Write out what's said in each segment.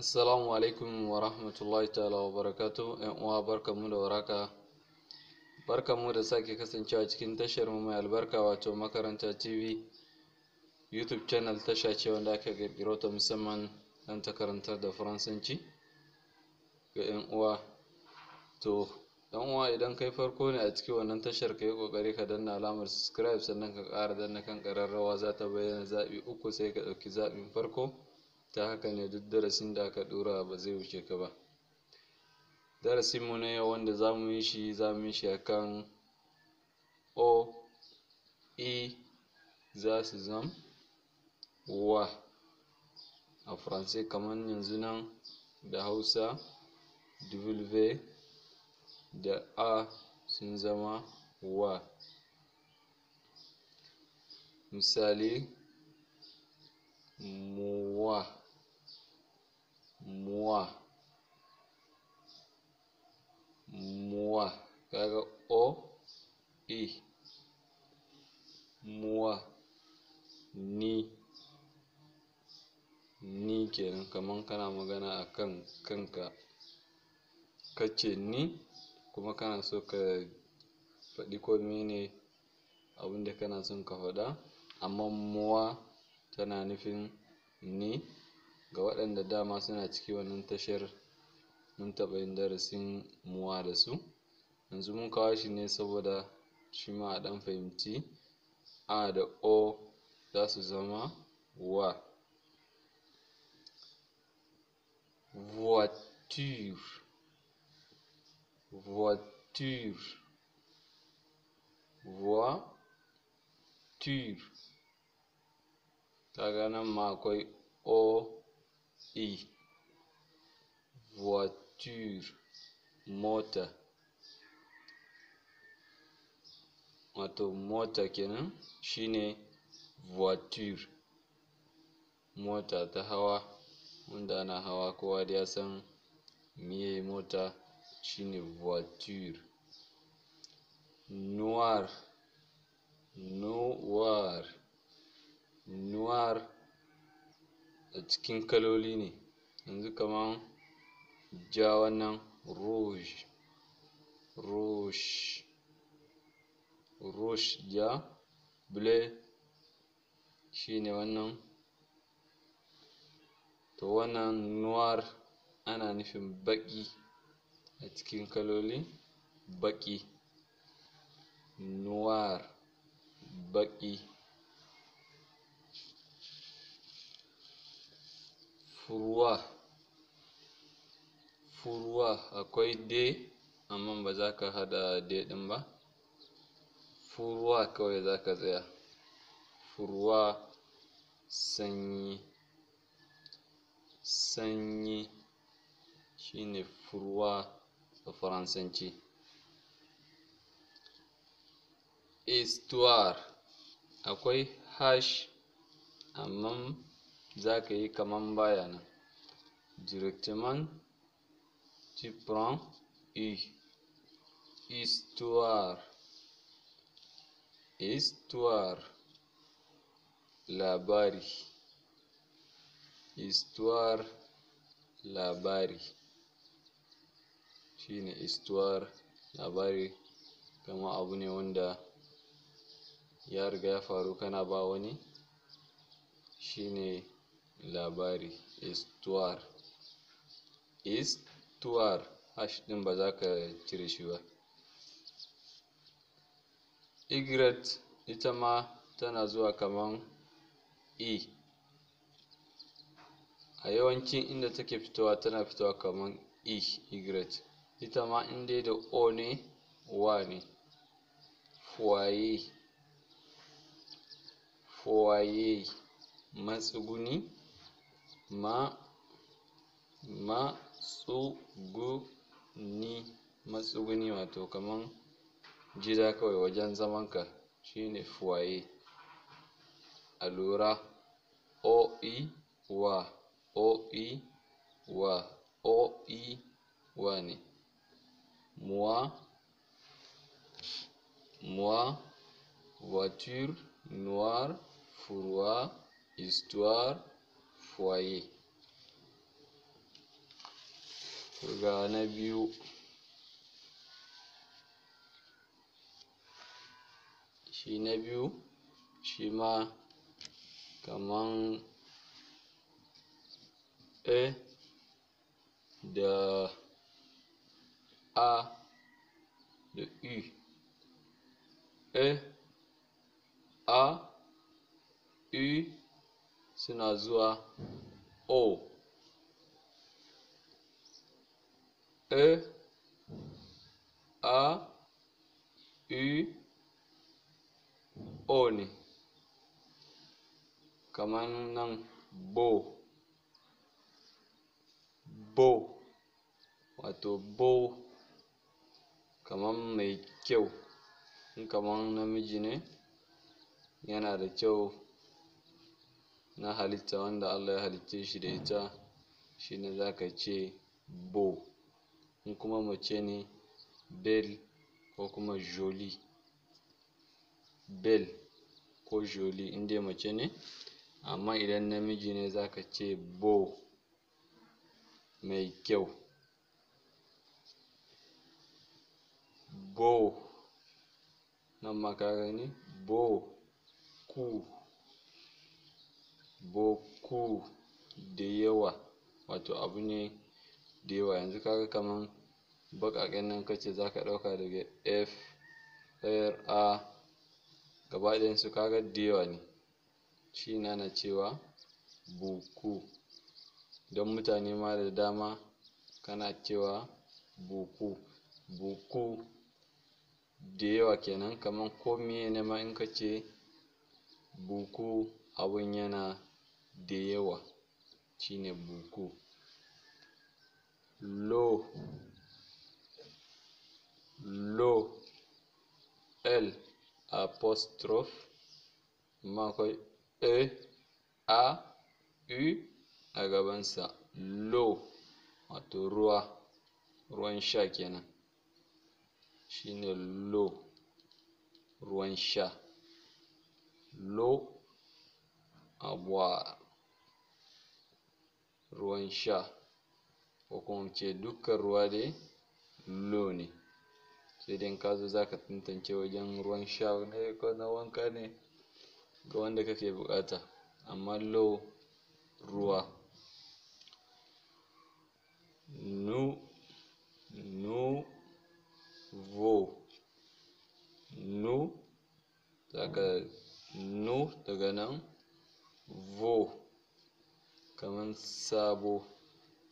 assalamu alaikum wa rahmatullahi ta'ala wa barakatu yan uwa barkamu da waraka mu da sake kasancewa cikin tashar mu mai albarka wato makaranta tv youtube channel tasha ce wanda aka ƙirƙiro ta musamman don ta da faransanci ga yan uwa to dan uwa idan kai farko ne a cikin wannan tashar ka yi kokari ka danna alamar subscribe sannan ka kara danna kan kararrawa za ta bayyana zaɓi uku sai ka ɗauki zaɓin farko ta haka ne duk darasin da aka ɗora ba zai wuce ka ba darasin mu na yau wanda za mu yi shi za mu yi shi akan o e za su zam wa a faransai kamar yanzu nan da hausa w da a sun zama wa misali muwa moi moi kaga o i moi ni ni kenan kaman kana magana akan kanka kace ni kuma kana so ka faɗi ko mene abinda kana son ka faɗa amma muwa tana nufin ni ga waɗanda dama suna ciki wannan tashar mun taɓa yin darasin muwa da su yanzu mun kawo shi ne saboda shi ma a ɗan fahimci a da o za su zama wa voiture voiture voiture kaga nan ma akwai o et voiture mota wato mota kenan shine voiture mota ta hawa wanda ana hawa kowa dai ya san meye mota shine voiture noir noir noir a cikin kaloli ne yanzu kaman ja wannan rouge rouge rouge ja shi shine wannan to wannan noir ana nufin baƙi a cikin kaloli baƙi noir baƙi akwai D amma ba za ka haɗa D ɗin ba furuwa kawai za ka tsaya furuwa sanyi sanyi shine furuwa a faransanci istuwar akwai hash amma za ka yi kaman baya nan directement tu prends U. Histoire. Histoire. Labari. Histoire. barre Shine histoire. Labari kama abu ne wanda ya riga ya faru kana ba wani shine labari histoire. Histoire. 2r hash din ba za ka cire shi ba y ita ma tana zuwa kaman e a yawancin inda take fitowa tana fitowa kaman e y ita ma inda da o ne wa ne foyer foyer matsuguni ma ma tsuguni matsuguni wato kaman gida kawai wajen zaman ka shine fuwaye alura o'i e, wa o'i e, wa o'i e, wa ne muwa, moi voiture noire froid histoire foyer ga na biyu shi na biyu shi ma kaman a da a da u e. a a i e suna zuwa o E A U O ne kamar nan bo bo wato bo kamar mai kyau in kamar namiji ne yana da kyau na halitta wanda Allah ya halicce shi da ita shi ne za ka ce bo. in kuma mace ne bell ko kuma jolie bell ko jolie in dai mace ne amma idan namiji ne zaka ce bow mai kyau bow nan ma ka gani ku cool da yawa wato abu ne da yawa yanzu kaga kaman baƙaƙen nan kace za ka ɗauka daga f ɗayar a gaba ɗayansu kaga da ne shi na na cewa buku don mutane ma da dama kana cewa buku buku dayawa kenan kaman ko miye ne ma in ka buku abun yana dayawa shi shine buku lo lo l apostrophe mako e a u a gabansa lo wato ruwa ruwan sha kenan shine lo ruwan sha lo abuwa ruwan sha ko kuma ce dukkan ruwa dai lo ne sai dai ka zo za ka tantance wajen ruwan sha ne ko na wanka ne ga wanda kake buƙata, amma low ruwa nu nu vo nu daga nu daga nan vo kamar sabo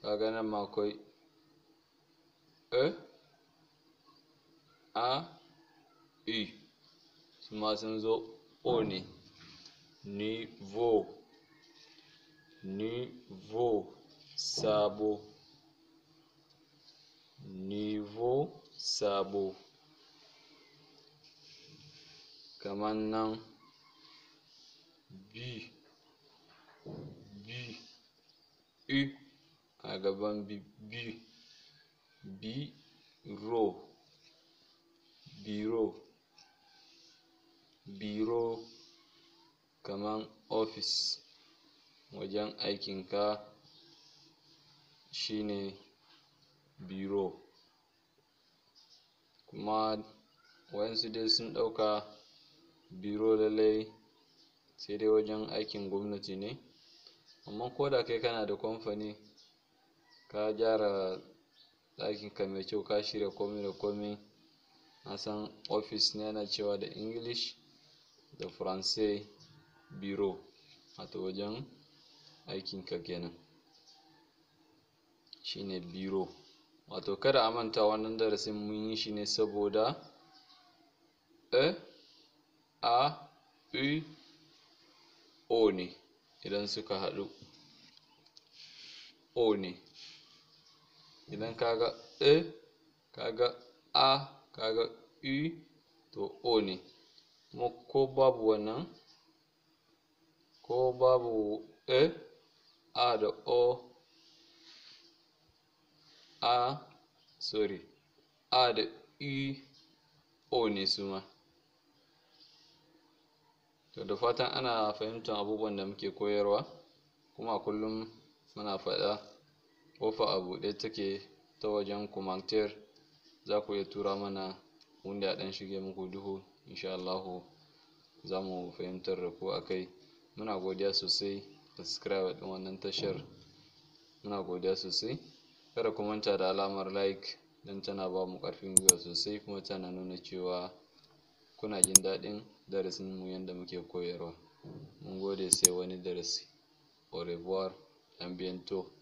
kaga nan ma akwai eh? a e su ma sun zo o ne nivo nivo sabo nivo sabo kaman nan bi bi i a gaban bi bi biro biro biro kaman ofis wajen aikin shine biro kuma waƴansu dai sun ɗauka biro lallai sai dai wajen aikin gwamnati ne amma ko da kai kana da kamfani ka gyara ɗakinka mai kyau ka shirya komai da komai na san office ne yana cewa da english da faransai biro wato wajen ka kenan shine biro wato kada a manta wannan darasin mun yi shi ne saboda e a u o ne idan suka haɗu o ne idan kaga e kaga a kaga u to o ne kuma ko babu wannan ko babu e a da o a sorry a da u o ne suma to da fatan ana fahimtar abubuwan da muke koyarwa kuma kullum muna faɗa ƙofa a buɗe take ta wajen kumantir za ku iya tura mana wanda ya ɗan shige muku duhu insha Allahu za mu fahimtar da ku a kai muna godiya sosai da subscribe ɗin wannan tashar muna godiya sosai kada ku manta da alamar like don tana ba mu ƙarfin gwiwa sosai kuma tana nuna cewa kuna jin daɗin darasin mu yadda muke koyarwa mun gode sai wani darasi au revoir and bientôt